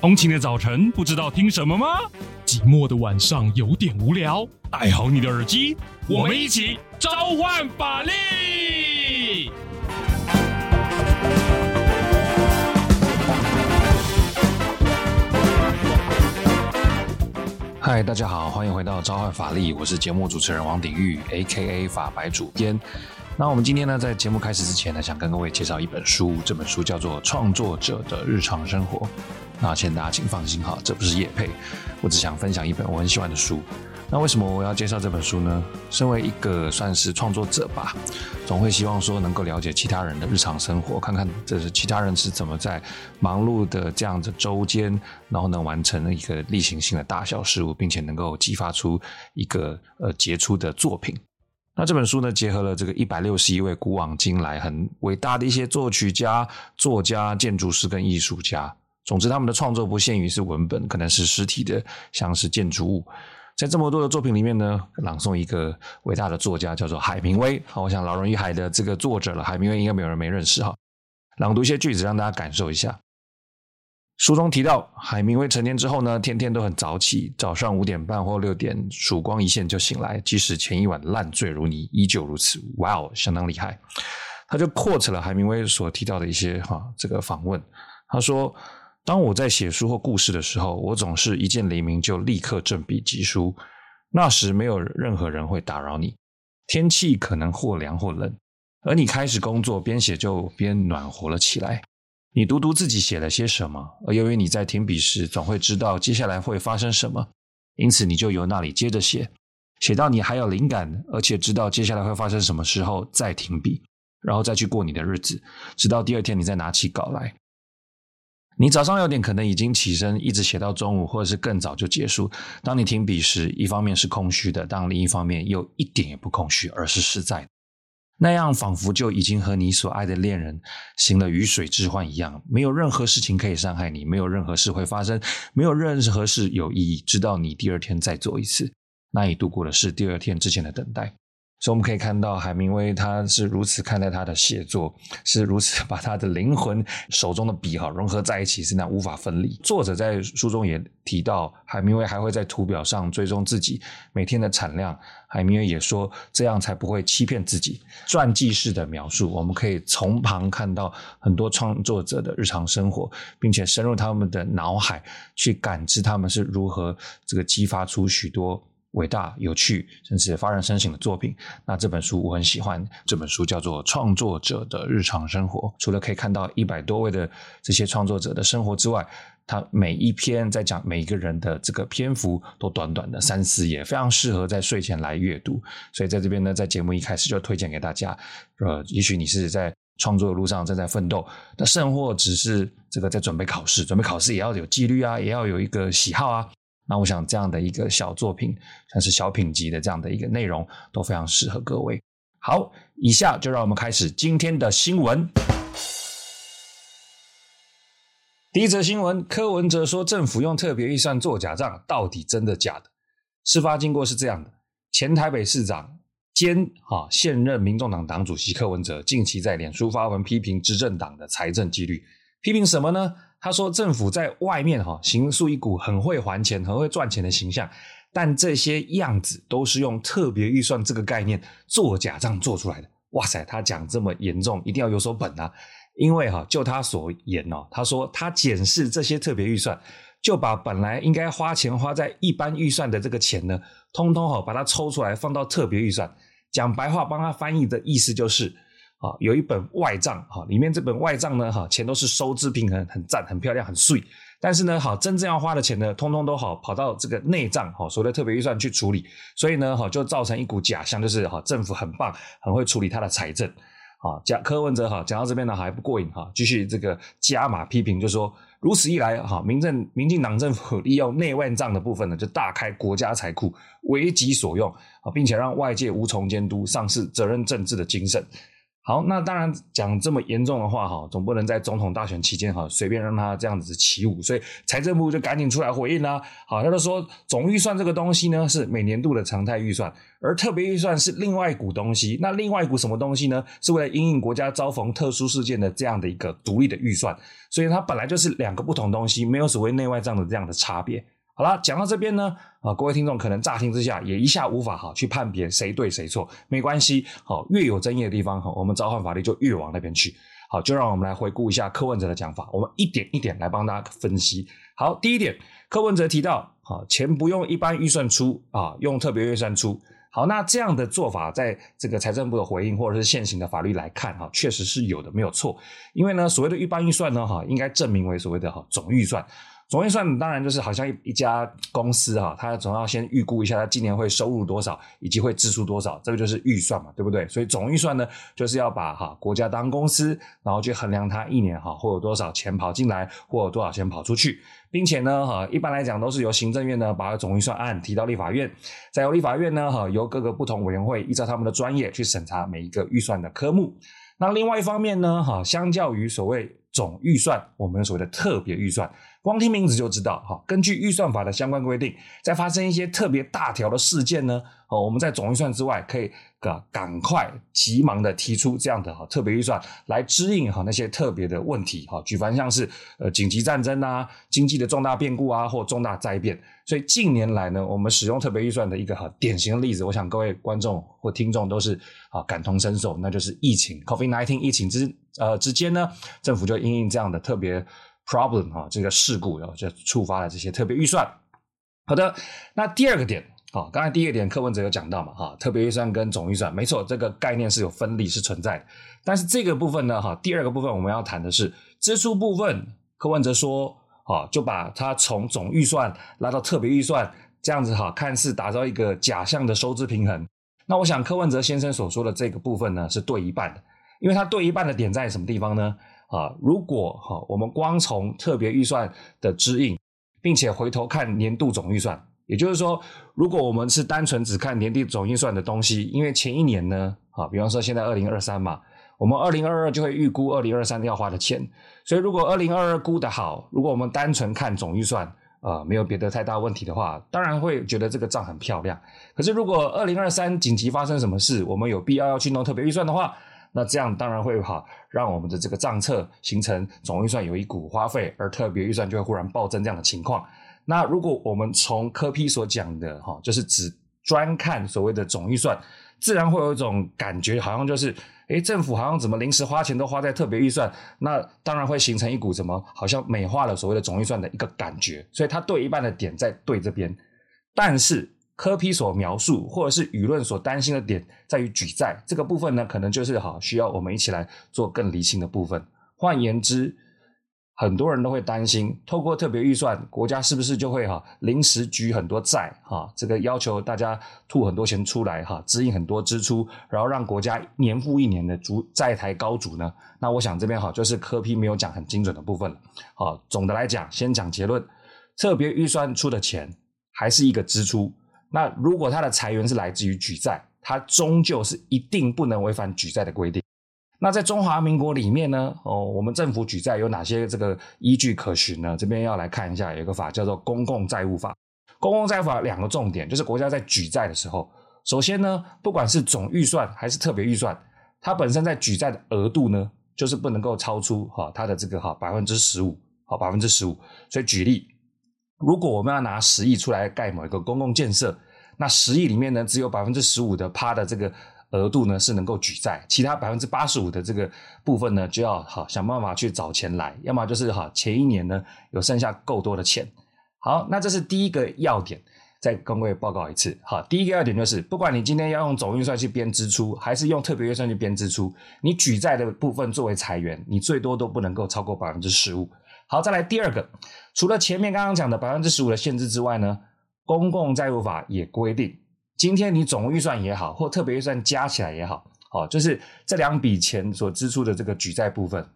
通勤的早晨不知道聽什麼嗎？寂寞的晚上有點無聊，戴好你的耳機，我們一起召喚法力！法力嗨，大家好，歡迎回到召喚法力，我是節目主持人王鼎棫，A.K.A. 法白主編。那我們今天呢，在節目開始之前呢，想跟各位介紹一本書，這本書叫做《創作者的日常生活》。那請大家請放心哈，這不是業配，我只想分享一本我很喜歡的書。那為什麼我要介紹這本書呢？身為一個算是創作者吧，總會希望說能夠了解其他人的日常生活，看看這是其他人是怎麼在忙碌的這樣子週間，然後能完成一個例行性的大小事務，並且能夠激發出一個呃傑出的作品。那這本書呢，結合了這個一百六十一位古往今來很偉大的一些作曲家、作家、建築師跟藝術家。總之，他們的創作不限於是文本，可能是實體的，像是建築物。在這麼多的作品裡面呢，朗誦一個偉大的作家叫做海明威。好，我想《老人與海》的這個作者了，海明威應該沒有人沒認識哈。朗讀一些句子，讓大家感受一下。書中提到，海明威成年之後呢，天天都很早起，早上五點半或六點，曙光一線就醒來，即使前一晚爛醉如泥，依舊如此。哇哦，相當厲害！他就 quote 了海明威所提到的一些哈、啊、這個訪問。他說：“當我在寫書或故事的時候，我總是一見黎明就立刻振筆疾書。那時沒有任何人會打擾你，天氣可能或涼或冷，而你開始工作，邊寫就邊暖和了起來。”你讀讀自己寫了些什麼，而由於你在停筆時總會知道接下來會發生什麼，因此你就由那裡接着寫，寫到你還有靈感，而且知道接下來會發生什麼時候再停筆，然後再去過你的日子，直到第二天你再拿起稿來。你早上六點可能已經起身，一直寫到中午，或者是更早就結束。當你停筆時，一方面是空虛的，但另一方面又一點也不空虛，而是實在的。那樣仿佛就已經和你所愛的戀人行了魚水之歡一樣，沒有任何事情可以傷害你，沒有任何事會發生，沒有任何事有意義，直到你第二天再做一次，那你度過的是第二天之前的等待。所以我們可以看到，海明威他是如此看待他的寫作，是如此把他的靈魂、手中的筆哈融合在一起，是那樣無法分離。作者在書中也提到，海明威還會在圖表上追蹤自己每天的產量。海明威也說，這樣才不會欺騙自己。傳記式的描述，我們可以從旁看到很多創作者的日常生活，並且深入他們的腦海去感知他們是如何這個激發出許多。偉大、有趣，甚至發人深省的作品。那這本書我很喜歡，這本書叫做《創作者的日常生活》。除了可以看到一百多位的這些創作者的生活之外，他每一篇在講每一個人的這個篇幅都短短的三四頁，非常適合在睡前來閱讀。所以在這邊呢，在節目一開始就推薦給大家。呃，也許你是在創作的路上正在奮鬥，那甚或只是這個在準備考試，準備考試也要有紀律啊，也要有一個喜好啊。那我想這樣的一個小作品，像是小品集的這樣的一個內容，都非常適合各位。好，以下就讓我們開始今天的新聞。第一則新聞，柯文哲說政府用特別預算作假賬，到底真的假的？事發經過是這樣的：前台北市長兼，啊，現任民眾黨黨主席柯文哲，近期在臉書發文批評執政黨的財政紀律，批評什麼呢？他說：“政府在外面哈，形塑一股很會還錢、很會賺錢的形象，但這些樣子都是用特別預算這個概念做假賬做出來的。”哇塞，他講這麼嚴重，一定要有所本啊！因為哈，就他所言哦，他說他檢視這些特別預算，就把本來應該花錢花在一般預算的這個錢呢，通通哈把它抽出來放到特別預算。講白話幫他翻譯的意思就是。啊、哦，有一本外賬哈，裡面這本外賬呢哈，錢都是收支平衡，很讚，很漂亮，很碎。但是呢，好真正要花的錢呢，通通都好跑到這個內賬哈，所謂的特別預算去處理。所以呢，哈就造成一股假象，就是哈政府很棒，很會處理他的財政。啊，講柯文哲哈講到這邊呢還不過癮哈，繼續這個加碼批評，就說如此一來哈，民政民進黨政府利用內外賬的部分呢，就大開國家財庫為己所用啊，並且讓外界無從監督，喪失責任政治的精神。好，那當然講這麼嚴重的話哈，總不能在總統大選期間哈隨便讓他這樣子起舞，所以財政部就趕緊出來回應啦。好，他就說總預算這個東西呢是每年度的常態預算，而特別預算是另外一股東西。那另外一股什麼東西呢？是為了因應國家遭逢特殊事件的這樣的一個獨立的預算，所以它本來就是兩個不同東西，沒有所謂內外賬的這樣的差別。好啦，講到這邊呢，啊，各位聽眾可能乍聽之下也一下無法哈、啊、去判別誰對誰錯，沒關係，好、啊，越有爭議的地方、啊，我們召喚法律就越往那邊去。好、啊，就讓我們來回顧一下柯文哲的講法，我們一點一點來幫大家分析。好，第一點，柯文哲提到，好、啊，錢不用一般預算出啊，用特別預算出。好，那這樣的做法，在這個財政部的回應或者是現行的法律來看，哈、啊，確實是有的，沒有錯。因為呢，所謂的一般預算呢，哈、啊，應該正名為所謂的哈、啊、總預算。總預算當然就是好像一一家公司哈、啊，他總要先預估一下他今年會收入多少，以及會支出多少，這個就是預算嘛，對不對？所以總預算呢，就是要把哈、啊、國家當公司，然後去衡量它一年哈會有多少錢跑進來，或有多少錢跑出去，並且呢哈、啊、一般來講都是由行政院呢把總預算案提到立法院，再由立法院呢哈、啊、由各個不同委員會依照他們的專業去審查每一個預算的科目。那另外一方面呢哈、啊，相較於所謂總預算，我們所謂的特別預算。光聽名字就知道哈。根據預算法的相關規定，在發生一些特別大條的事件呢，我們在總預算之外，可以啊，趕快急忙的提出這樣的哈特別預算來支應哈那些特別的問題哈。舉凡像是呃緊急戰爭啊、經濟的重大變故啊或重大災變，所以近年來呢，我們使用特別預算的一個哈典型的例子，我想各位觀眾或聽眾都是啊感同身受，那就是疫情 （COVID-19） 疫情之呃之間呢，政府就因應這樣的特別。Problem 啊，這個事故然後就觸發了這些特別預算。好的，那第二個點啊，剛才第一個點柯文哲有講到嘛，特別預算跟總預算，沒錯，這個概念是有分離是存在的。但是這個部分呢，哈，第二個部分我們要談的是支出部分。柯文哲說，就把它從總預算拉到特別預算，這樣子哈，看似打造一個假象的收支平衡。那我想柯文哲先生所說的這個部分呢，是對一半的，因為它對一半的點在什麼地方呢？啊，如果哈，我們光從特別預算的指引，並且回頭看年度總預算，也就是說，如果我們是單純只看年底總預算的東西，因為前一年呢，啊，比方說現在二零二三嘛，我們二零二二就會預估二零二三要花的錢，所以如果二零二二估得好，如果我們單純看總預算，啊、呃，沒有別的太大問題的話，當然會覺得這個賬很漂亮。可是如果二零二三緊急發生什麼事，我們有必要要去弄特別預算的話。那這樣當然會哈，讓我們的這個賬冊形成總預算有一股花費，而特別預算就會忽然暴增這樣的情況。那如果我們從柯 P 所講的哈，就是只專看所謂的總預算，自然會有一種感覺，好像就是哎，政府好像怎麼臨時花錢都花在特別預算，那當然會形成一股什麼好像美化了所謂的總預算的一個感覺。所以他對一半的點在對這邊，但是。柯 P 所描述，或者是輿論所擔心的點在，在於舉債這個部分呢，可能就是哈、哦，需要我們一起來做更釐清的部分。換言之，很多人都會擔心，透過特別預算，國家是不是就會哈臨、哦、時舉很多債哈、哦？這個要求大家吐很多錢出來哈，支、哦、應很多支出，然後讓國家年復一年的足債台高築呢？那我想這邊哈、哦，就是柯 P 沒有講很精準的部分了。好、哦，總的來講，先講結論：特別預算出的錢還是一個支出。那如果它的財源是來自於舉債，它終究是一定不能違反舉債的規定。那在中華民國裡面呢，哦，我們政府舉債有哪些這個依據可循呢？這邊要來看一下，有個法叫做《公共債務法》。公共債務法兩個重點就是國家在舉債的時候，首先呢，不管是總預算還是特別預算，它本身在舉債的額度呢，就是不能夠超出哈、哦、它的這個哈百分之十五，好百分之十五。所以舉例。如果我們要拿十億出來蓋某一個公共建設，那十億裡面呢，只有百分之十五的趴的這個額度呢是能夠舉債，其他百分之八十五的這個部分呢就要好想辦法去找錢來，要麼就是哈前一年呢有剩下夠多的錢。好，那這是第一個要點，再跟各位報告一次哈。第一個要點就是，不管你今天要用總預算去編支出，還是用特別預算去編支出，你舉債的部分作為財源，你最多都不能夠超過百分之十五。好，再來第二個，除了前面剛剛講的百分之十五的限制之外呢，公共債務法也規定，今天你總預算也好，或特別預算加起來也好，好，就是這兩筆錢所支出的這個舉債部分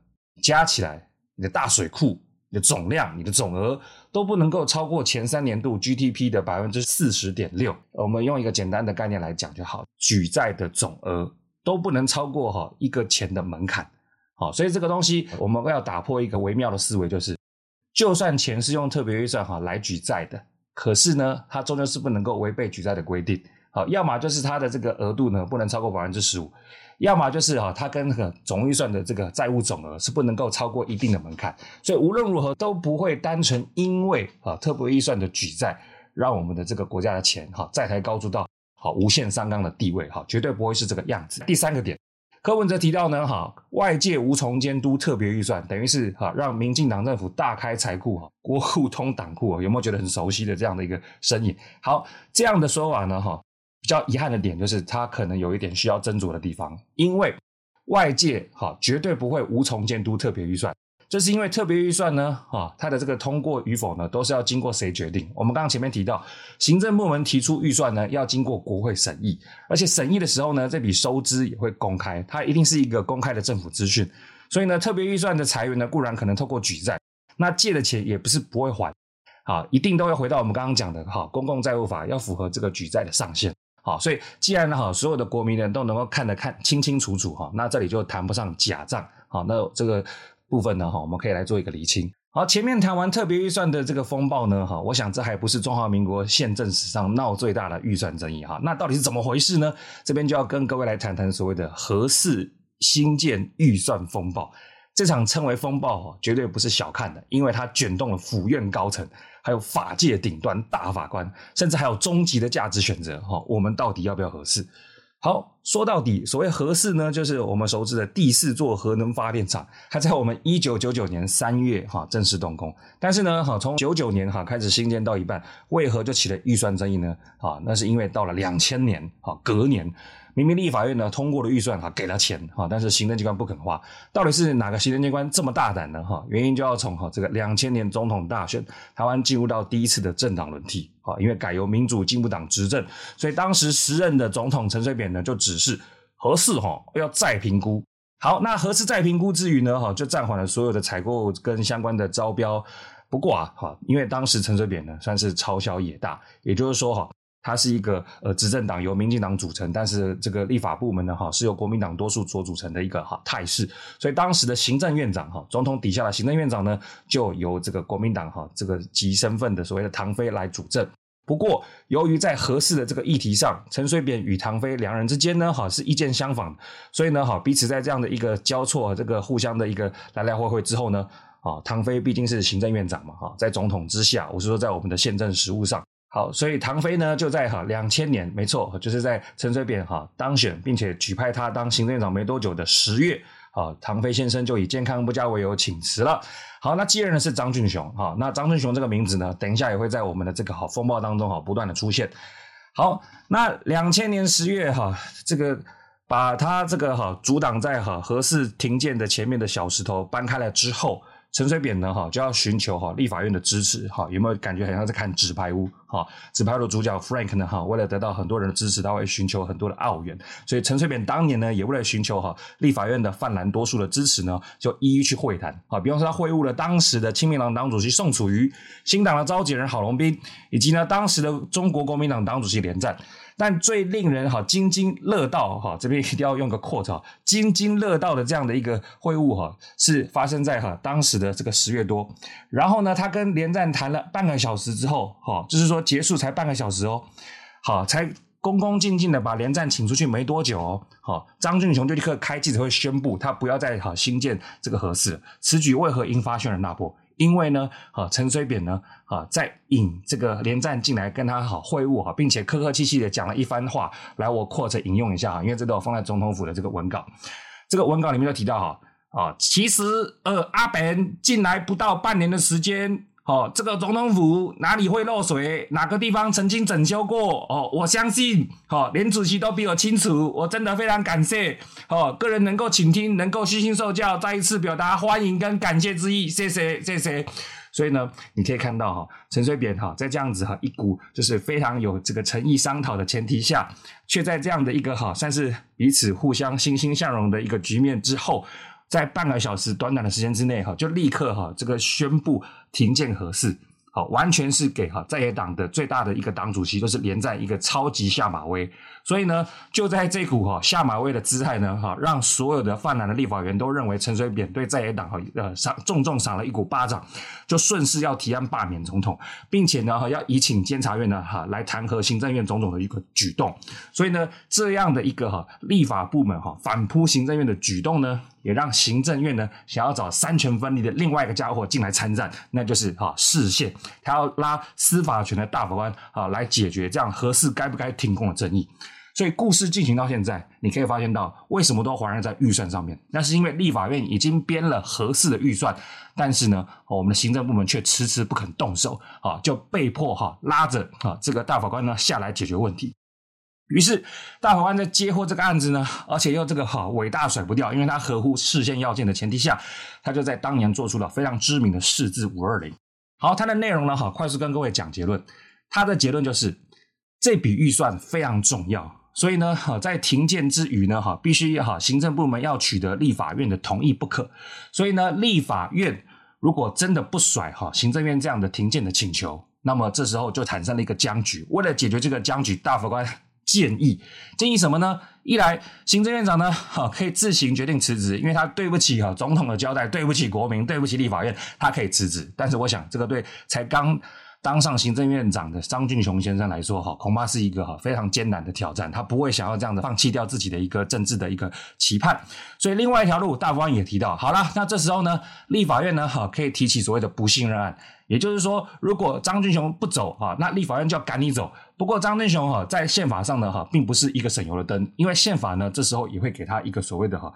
加起來，你的大水庫，你的總量，你的總額都不能夠超過前三年度 GDP 的百分之四十點六。我們用一個簡單的概念來講就好，舉債的總額都不能超過哈一個錢的門檻。好，所以這個東西我們要打破一個微妙的思維，就是，就算錢是用特別預算哈來舉債的，可是呢，它終究是不能夠違背舉債的規定。好，要麼就是它的這個額度呢不能超過百分之十五，要麼就是哈它跟總預算的這個債務總額是不能夠超過一定的門檻。所以無論如何都不會單純因為啊特別預算的舉債讓我們的這個國家的錢哈債台高築到好無限上綱的地位哈，絕對不會是這個樣子。第三個點。柯文哲提到呢，哈，外界無從監督特別預算，等於是哈，讓民進黨政府大開財庫，哈，國庫通黨庫，有沒有覺得很熟悉的這樣的一個身影？好，這樣的說法呢，哈，比較遺憾的點就是他可能有一點需要斟酌的地方，因為外界哈絕對不會無從監督特別預算。這是因為特別預算呢，啊，它的這個通過與否呢，都是要經過誰決定？我們剛剛前面提到，行政部門提出預算呢，要經過國會審議，而且審議的時候呢，這筆收支也會公開，它一定是一個公開的政府資訊。所以呢，特別預算的財源呢，固然可能透過舉債，那借的錢也不是不會還，啊，一定都要回到我們剛剛講的哈，公共債務法要符合這個舉債的上限，好，所以既然呢哈所有的國民人都能夠看得看清清楚楚哈，那這裡就談不上假賬好，那這個。部分呢，哈，我們可以來做一個釐清。好，前面談完特別預算的這個風暴呢，哈，我想這還不是中華民國憲政史上鬧最大的預算爭議哈。那到底是怎麼回事呢？這邊就要跟各位來談談所謂的合適興建預算風暴。這場稱為風暴，絕對不是小看的，因為它捲動了府院高層，還有法界頂端大法官，甚至還有終極的價值選擇哈。我們到底要不要合適？好，說到底，所謂核四呢，就是我們熟知的第四座核能發電廠，它在我們一九九九年三月哈正式動工，但是呢，哈從九九年哈開始興建到一半，為何就起了預算爭議呢？啊，那是因為到了兩千年哈隔年。明明立法院呢通過了預算哈，給了錢哈，但是行政機關不肯花，到底是哪個行政機關這麼大膽呢？哈，原因就要從哈這個兩千年總統大選，台灣進入到第一次的政黨輪替哈，因為改由民主進步黨執政，所以當時時任的總統陳水扁呢就指示核四，哦，哈要再評估。好，那核四再評估之餘呢哈，就暫緩了所有的採購跟相關的招標。不過啊哈，因為當時陳水扁呢算是朝小野大，也就是說哈，哦。他是一個呃執政黨由民進黨組成，但是這個立法部門呢哈是由國民黨多數所組成的一個哈態勢，所以當時的行政院長哈總統底下的行政院長呢就由這個國民黨哈這個籍身份的所謂的唐飛來主政。不過由於在核四的這個議題上，陳水扁與唐飛兩人之間呢哈是意見相仿的，所以呢哈彼此在這樣的一個交錯這個互相的一個來來回回之後呢，啊唐飛畢竟是行政院長嘛哈在總統之下，我是說在我們的憲政實務上。好，所以唐飛呢就在哈兩千年，沒錯，就是在陳水扁哈當選並且舉派他當行政院長沒多久的十月，啊，唐飛先生就以健康不佳為由請辭了。好，那繼任的是張俊雄，哈，那張俊雄這個名字呢，等一下也會在我們的這個哈風暴當中哈不斷的出現。好，那兩千年十月哈，這個把他這個哈阻擋在哈核四停建的前面的小石頭搬開了之後。陳水扁呢，哈就要尋求哈立法院的支持，哈有沒有感覺好像是看紙牌屋？哈，紙牌屋的主角 Frank 呢，哈為了得到很多人的支持，他會尋求很多的奧援。所以陳水扁當年呢，也為了尋求哈立法院的泛藍多數的支持呢，就一一去會談。啊，比方說他會晤了當時的親民黨黨主席宋楚瑜、新黨的召集人郝龍斌，以及呢當時的中國國民黨黨主席連戰。但最令人哈津津樂道哈，這邊一定要用個 quote 哈，津津樂道的這樣的一個會晤哈，是發生在哈當時的這個十月多。然後呢，他跟連戰談了半個小時之後哈，就是說結束才半個小時哦，好，才恭恭敬敬的把連戰請出去沒多久哦，好，張俊雄就立刻開記者會宣布，他不要再哈新建這個核四。此舉為何引發軒然大波？因為呢，啊，陳水扁呢，啊，在引這個連戰進來跟他好會晤啊，並且客客氣氣的講了一番話，來我擴展引用一下哈，因為這都放在總統府的這個文稿，這個文稿裡面就提到哈，啊，其實呃，阿扁進來不到半年的時間。好、哦，這個總統府哪裡會漏水？哪個地方曾經整修過？哦，我相信，哈、哦，連主席都比我清楚。我真的非常感謝，哦，個人能夠傾聽，能夠悉心、心受教，再一次表達歡迎跟感謝之意。謝謝，謝謝。所以呢，你可以看到哈，陳水扁哈，在這樣子哈一股就是非常有這個誠意商討的前提下，卻在這樣的一個哈，算是彼此互相欣欣向榮的一個局面之後。在半個小時短短的時間之內，哈，就立刻哈這個宣布停建核四。好，完全是給哈在野黨的最大的一個黨主席，就是連戰一個超級下馬威。所以呢，就在這股哈下馬威的姿態呢，哈，讓所有的泛藍的立法員都認為陳水扁對在野黨哈，呃賞重重賞了一股巴掌，就順勢要提案罷免總統，並且呢要移請監察院呢哈來彈劾行政院種種的一個舉動。所以呢，這樣的一個哈立法部門哈反撲行政院的舉動呢。也讓行政院呢想要找三權分立的另外一個家伙進來參戰，那就是哈釋憲，他要拉司法權的大法官啊來解決這樣核四該不該停工的爭議。所以故事進行到現在，你可以發現到為什麼都環繞在預算上面，那是因為立法院已經編了核四的預算，但是呢我們的行政部門卻遲遲不肯動手，啊就被迫哈拉着啊這個大法官呢下來解決問題。於是，大法官在接獲這個案子呢，而且又這個哈偉大甩不掉，因為他合乎事線要件的前提下，他就在當年做出了非常知名的釋字五二零。好，它的內容呢哈，快速跟各位講結論，他的結論就是這筆預算非常重要，所以呢哈，在停建之餘呢哈，必須哈行政部門要取得立法院的同意不可。所以呢，立法院如果真的不甩哈行政院這樣的停建的請求，那麼這時候就產生了一個僵局。為了解決這個僵局，大法官。建議建議什麼呢？一來，行政院長呢，哈，可以自行決定辭職，因為他對不起哈總統的交代，對不起國民，對不起立法院，他可以辭職。但是我想，這個對才剛當上行政院長的張俊雄先生來說，哈，恐怕是一個哈非常艱難的挑戰。他不會想要這樣子放棄掉自己的一個政治的一個期盼。所以，另外一條路，大法官也提到，好啦，那這時候呢，立法院呢，哈，可以提起所謂的不信任案。也就是說，如果張俊雄不走啊，那立法院就要趕你走。不過張俊雄哈在憲法上呢哈並不是一個省油的燈，因為憲法呢這時候也會給他一個所謂的哈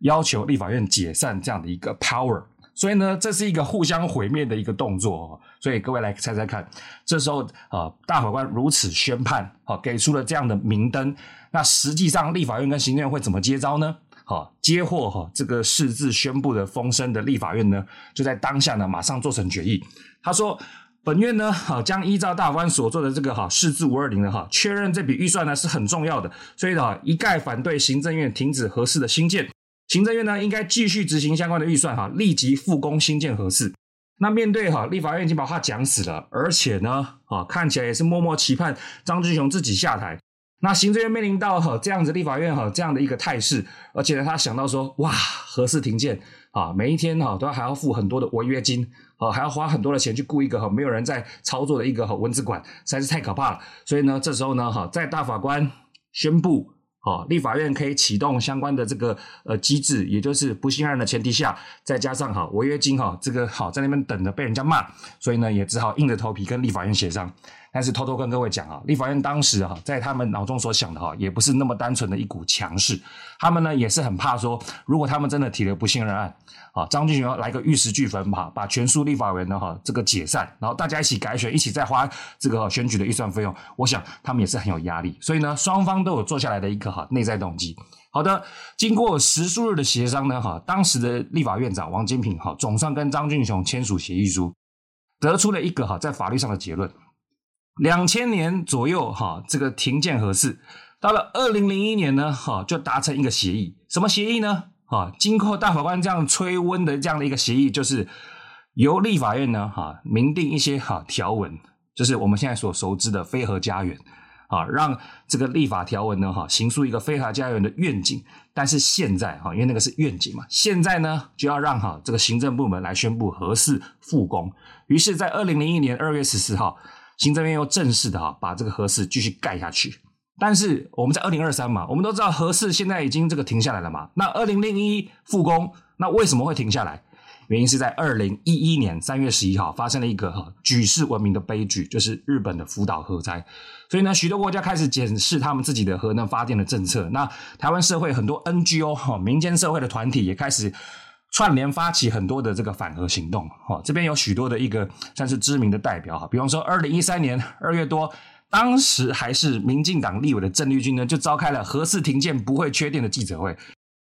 要求立法院解散這樣的一個 power。所以呢，這是一個互相毀滅的一個動作。所以各位來猜猜看，這時候啊大法官如此宣判啊給出了這樣的明燈，那實際上立法院跟行政院會怎麼接招呢？好接獲哈這個釋字宣布的風聲的立法院呢，就在當下呢馬上做成決議。他說，本院呢好將依照大法官所做的這個哈釋字五二零的哈確認這筆預算呢是很重要的，所以呢，一概反對行政院停止核四的興建。行政院呢應該繼續執行相關的預算哈，立即復工興建核四。那面對哈立法院已經把話講死了，而且呢啊看起來也是默默期盼張俊雄自己下台。那行政院面臨到哈這樣子立法院哈這樣的一個態勢，而且呢，他想到說哇，核四停建啊？每一天哈都要還要付很多的違約金啊，還要花很多的錢去雇一個哈沒有人在操作的一個蚊子館，實在是太可怕了。所以呢，這時候呢哈，在大法官宣布哈立法院可以啟動相關的這個呃機制，也就是不信任的前提下，再加上哈違約金哈這個好在那邊等着被人家罵，所以呢也只好硬着頭皮跟立法院協商。但是偷偷跟各位講啊，立法院當時哈、啊、在他們腦中所想的哈、啊、也不是那麼單純的一股強勢，他們呢也是很怕說，如果他們真的提了不信任案啊，張俊雄來個玉石俱焚嘛，把全數立法院的哈、啊、這個解散，然後大家一起改選，一起再花這個、啊、選舉的預算費用，我想他們也是很有壓力，所以呢雙方都有坐下來的一個哈、啊、內在動機。好的，經過十數日的協商呢，哈、啊、當時的立法院長王金平哈、啊、總算跟張俊雄簽署協議書，得出了一個哈、啊、在法律上的結論。兩千年左右，哈，這個停建核四，到了二零零一年呢，哈，就達成一個協議，什麼協議呢？哈，經過大法官這樣催溫的這樣的一個協議，就是由立法院呢，哈，明定一些哈條文，就是我們現在所熟知的非核家園，啊，讓這個立法條文呢，哈，行出一個非核家園的願景。但是現在，哈，因為那個是願景嘛，現在呢，就要讓哈這個行政部門來宣布核四復工。於是，在二零零一年二月十四號。行政院要正式的哈，把這個核四繼續蓋下去。但是我們在二零二三嘛，我們都知道核四現在已經這個停下來了嘛。那二零零一復工，那為什麼會停下來？原因是在二零一一年三月十一號發生了一個哈舉世聞名的悲劇，就是日本的福島核災。所以呢，許多國家開始檢視他們自己的核能發電的政策。那台灣社會很多 NGO 哈，民間社會的團體也開始。串聯發起很多的這個反核行動，哈，這邊有許多的一個算是知名的代表，哈，比方說二零一三年二月多，當時還是民進黨立委的鄭麗君呢，就召開了核四停建不會缺電的記者會。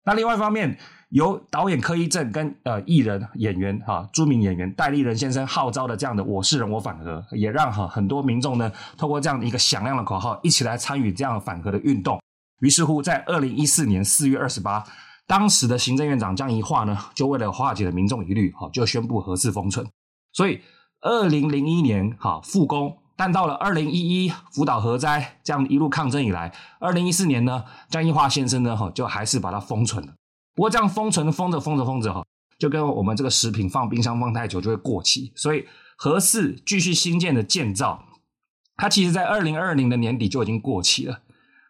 那另外一方面，由導演柯一正跟呃藝人演員哈著名演員戴立忍先生號召的這樣的我是人我反核，也讓哈很多民眾呢，透過這樣的一個響亮的口號，一起來參與這樣反核的運動。於是乎，在二零一四年四月二十八，當時的行政院長江宜樺呢，就為了化解了民眾疑慮，哈，就宣布核四封存。所以，二零零一年哈復工，但到了二零一一福島核災這樣一路抗爭以來，二零一四年呢，江宜樺先生呢，哈就還是把它封存了。不過這樣封存封着封着封着哈，就跟我們這個食品放冰箱放太久就會過期。所以，核四繼續新建的建造，它其實在二零二零的年底就已經過期了。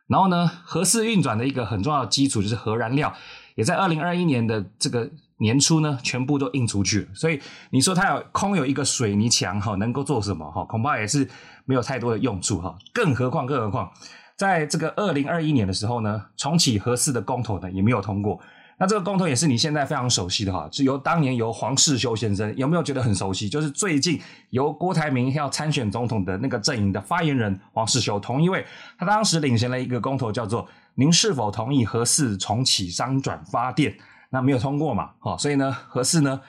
然後呢，核四運轉的一個很重要的基礎就是核燃料。也在二零二一年的這個年初呢，全部都印出去了。所以你說他有空有一個水泥牆哈，能夠做什麼哈？恐怕也是沒有太多的用處哈。更何況，更何況，在這個二零二一年的時候呢，重啟核四的公投呢，也沒有通過。那這個公投也是你現在非常熟悉的哈，是由當年由黃士修先生有沒有覺得很熟悉？就是最近由郭台銘要參選總統的那個陣營的發言人黃士修同一位，他當時領銜了一個公投叫做。您是否同意核四重啟商轉發電？那沒有通過嘛，哈、哦，所以呢，核四呢，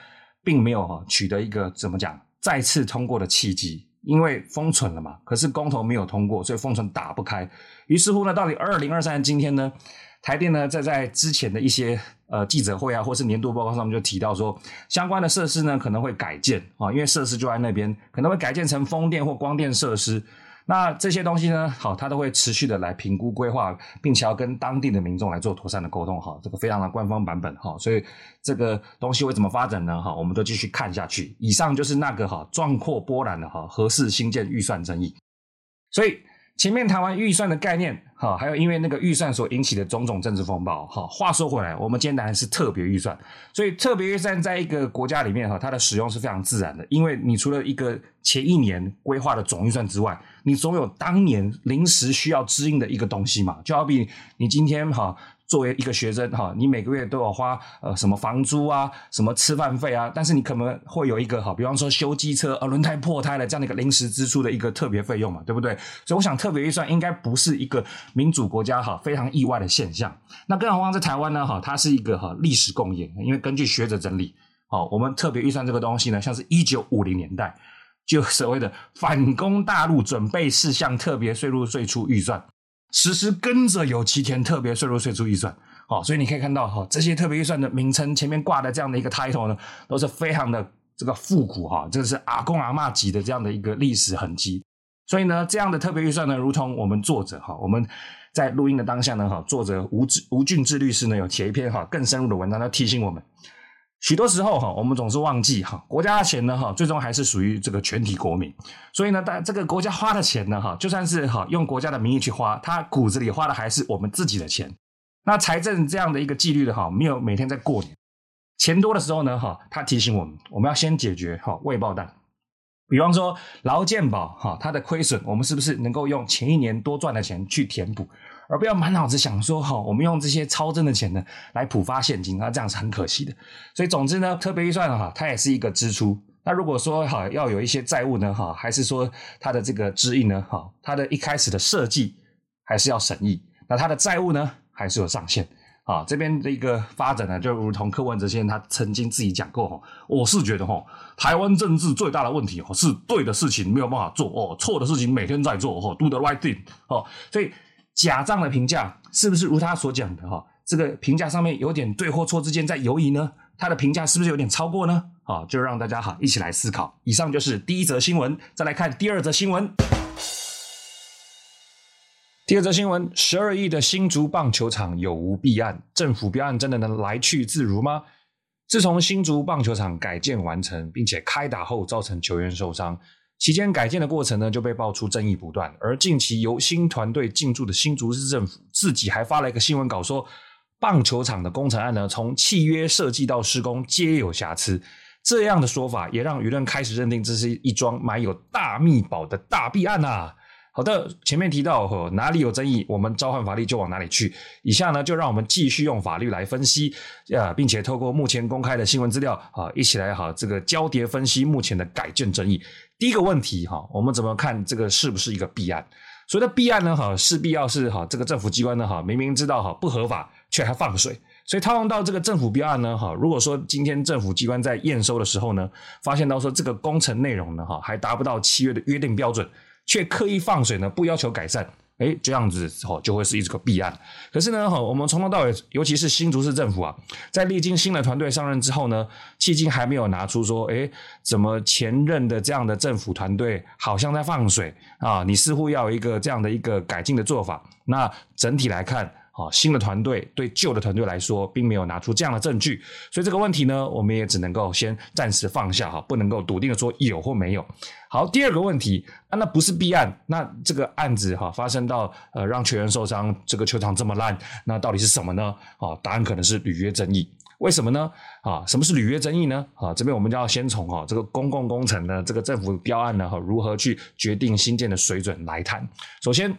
並沒有取得一個怎麼講再次通過的契機，因為封存了嘛。可是公投沒有通過，所以封存打不開。於是乎呢，到底二零二三今天呢，台電呢在在之前的一些呃記者會啊，或是年度報告上面就提到說，相關的設施呢可能會改建啊、哦，因為設施就在那邊，可能會改建成風電或光電設施。那這些東西呢？好，它都會持續的來評估、規劃，並且要跟當地的民眾來做妥善的溝通。好，這個非常的官方版本。好，所以這個東西會怎麼發展呢？好，我們都繼續看下去。以上就是那個哈，壯闊波瀾的哈，核四興建預算爭議。所以。前面談完預算的概念，哈，還有因為那個預算所引起的種種政治風暴，哈。話說回來，我們今天談的是特別預算，所以特別預算在一個國家裡面，哈，它的使用是非常自然的，因為你除了一個前一年規劃的總預算之外，你總有當年臨時需要支應的一個東西嘛，就好比你今天哈。作為一個學生哈，你每個月都要花呃什麼房租啊、什麼吃飯費啊，但是你可能會有一個哈，比方說修機車、呃輪胎破胎了這樣的一個臨時支出的一個特別費用嘛，對不對？所以我想特別預算應該不是一個民主國家哈非常意外的現象。那更何況在台灣呢哈，它是一個哈歷史共業，因為根據學者整理，哦，我們特別預算這個東西呢，像是1950年代就所謂的反攻大陸準備事項特別歲入歲出預算。實時，時跟着有奇天特別稅入稅出預算，好，哦，所以你可以看到哈，哦，這些特別預算的名稱前面掛的這樣的一個 title 呢，都是非常的這個復古哈，哦，這個是阿公阿嬤級的這樣的一個歷史痕跡。所以呢，這樣的特別預算呢，如同我們作者哈，哦，我們在錄音的當下呢，哈，作者吳志吳俊志律師呢，有寫一篇哈更深入的文章來提醒我們。許多時候哈，我們總是忘記哈，國家的錢呢哈，最終還是屬於這個全體國民。所以呢，大這個國家花的錢呢哈，就算是哈用國家的名義去花，它骨子裡花的還是我們自己的錢。那財政這樣的一個紀律的哈，沒有每天在過年。錢，多的時候呢哈，它提醒我們，我們要先解決哈未爆彈。比方說勞健保哈，它的虧損，我們是不是能夠用前一年多賺的錢去填補？而不要滿腦子想說哈，我們用這些超徵的錢呢來普發現金，那這樣是很可惜的。所以總之呢，特別預算哈，它也是一個支出。那如果說哈要有一些債務呢哈，還是說它的這個支應呢哈，它的一開始的設計還是要審議。那它的債務呢，還是有上限啊。這邊的一個發展呢，就如同柯文哲先生他曾經自己講過哈，我是覺得哈，台灣政治最大的問題哦，是對的事情沒有辦法做哦，錯的事情每天在做哦，do the right thing 哦，所以。假賬的評價是不是如他所講的哈？這個評價上面有點對或錯之間在猶疑呢？他的評價是不是有點超過呢？好，就讓大家哈一起來思考。以上就是第一則新聞，再來看第二則新聞。第二則新聞：十二億的新竹棒球場有無弊案？政府標案真的能來去自如嗎？自從新竹棒球場改建完成並且開打後，造成球員受傷。期間改建的過程呢，就被爆出爭議不斷。而近期由新團隊進駐的新竹市政府，自己還發了一個新聞稿說，說棒球場的工程案呢，從契約設計到施工皆有瑕疵。這樣的說法，也讓輿論開始認定這是一樁埋有大秘寶的大弊案啊！好的，前面提到哈、哦，哪裡有爭議，我們召喚法律就往哪裡去。以下呢，就讓我們繼續用法律來分析，呃、啊，並且透過目前公開的新聞資料啊，一起來哈、啊、這個交疊分析目前的改建爭議。第一個問題哈、啊，我們怎麼看這個是不是一個弊案？所謂的弊案呢，哈、啊，勢必要是哈、啊、這個政府機關呢，哈、啊，明明知道哈、啊、不合法，卻還放水。所以套用到這個政府標案呢，哈、啊，如果說今天政府機關在驗收的時候呢，發現到說這個工程內容呢，哈、啊，還達不到契約的約定標準。卻刻意放水呢，不要求改善，哎，這樣子之後就會是一個弊案。可是呢，哈，我們從頭到尾，尤其是新竹市政府啊，在歷經新的團隊上任之後呢，迄今還沒有拿出說，哎，怎麼前任的這樣的政府團隊好像在放水啊？你似乎要有一個這樣的一個改進的做法。那整體來看，啊，新的團隊對舊的團隊來說，並沒有拿出這樣的證據，所以這個問題呢，我們也只能夠先暫時放下哈，不能夠篤定的說有或沒有。好，第二個問題，那、啊、那不是弊案，那這個案子哈，發生到呃讓球員受傷，這個球場這麼爛，那到底是什麼呢？啊，答案可能是履約爭議。為什麼呢？啊，什麼是履約爭議呢？啊，這邊我們就要先從啊這個公共工程的這個政府標案呢，如何去決定新建的水準來談。首先。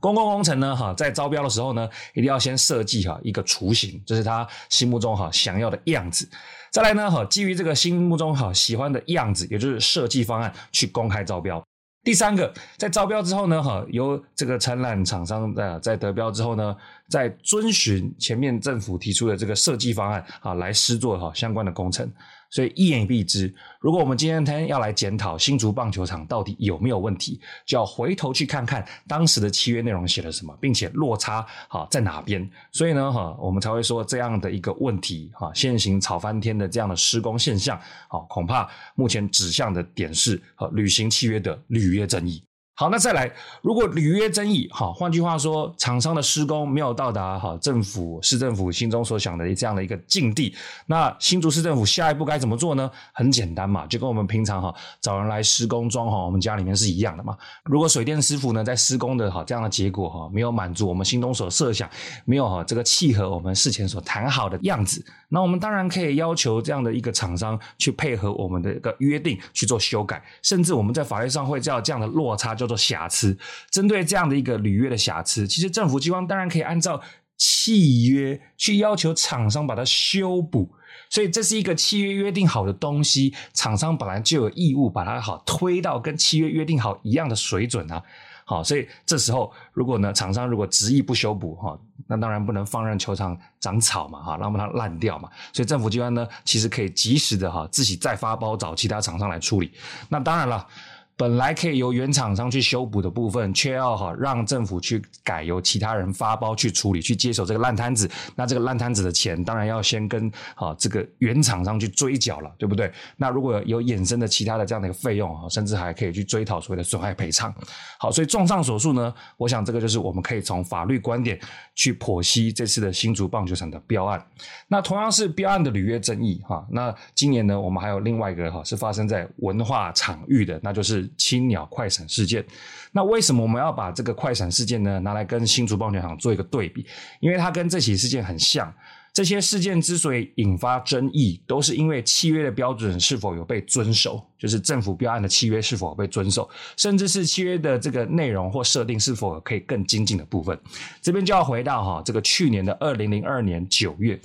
公共工程呢，哈，在招標的時候呢，一定要先設計哈一個雛形，這、就是他心目中哈想要的樣子。再來呢，哈，基於這個心目中哈喜歡的樣子，也就是設計方案，去公開招標。第三個，在招標之後呢，哈，由這個承攬廠商啊，在得標之後呢，再遵循前面政府提出的這個設計方案啊來施作哈相關的工程。所以一言以蔽之，如果我們今天要來檢討新竹棒球場到底有沒有問題，就要回頭去看看當時的契約內容寫了什麼，並且落差哈在哪邊。所以呢哈，我們才會說這樣的一個問題哈，現行吵翻天的這樣的施工現象，哈，恐怕目前指向的點是哈履行契約的履約爭議。好，那再來，如果履約爭議哈，換句話說，廠商的施工沒有到達哈政府市政府心中所想的這樣的一個境地，那新竹市政府下一步該怎麼做呢？很簡單嘛，就跟我們平常哈找人來施工裝潢哈我們家裡面是一樣的嘛。如果水電師傅呢在施工的哈這樣的結果哈沒有滿足我們心中所設想，沒有哈這個契合我們事前所談好的樣子。那我們當然可以要求這樣的一個廠商去配合我們的一個約定去做修改，甚至我們在法律上會叫這樣的落差叫做瑕疵。針對這樣的一個履約的瑕疵，其實政府機關當然可以按照契約去要求廠商把它修補。所以這是一個契約約定好的東西，廠商本來就有義務把它好推到跟契約約定好一樣的水準啊。好，所以這時候如果呢，廠商如果執意不修補哈、哦，那當然不能放任球場長草嘛哈、哦，讓它爛掉嘛。所以政府機關呢，其實可以及時的哈、哦，自己再發包找其他廠商來處理。那當然了。本來可以由原廠商去修補的部分，卻要哈讓政府去改由其他人發包去處理，去接手這個爛攤子。那這個爛攤子的錢，當然要先跟哈這個原廠商去追繳了，對不對？那如果有衍生的其他的這樣的一個費用哈，甚至還可以去追討所謂的損害賠償。好，所以綜上所述呢，我想這個就是我們可以從法律觀點去剖析這次的新竹棒球場的標案。那同樣是標案的履約爭議哈，那今年呢，我們還有另外一個哈是發生在文化場域的，那就是。青鳥快閃事件，那為什麼我們要把這個快閃事件呢拿來跟新竹棒球場做一個對比？因為它跟這起事件很像。這些事件之所以引發爭議，都是因為契約的標準是否有被遵守，就是政府標案的契約是否有被遵守，甚至是契約的這個內容或設定是否可以更精進的部分。這邊就要回到哈這個去年的二零零二年九月。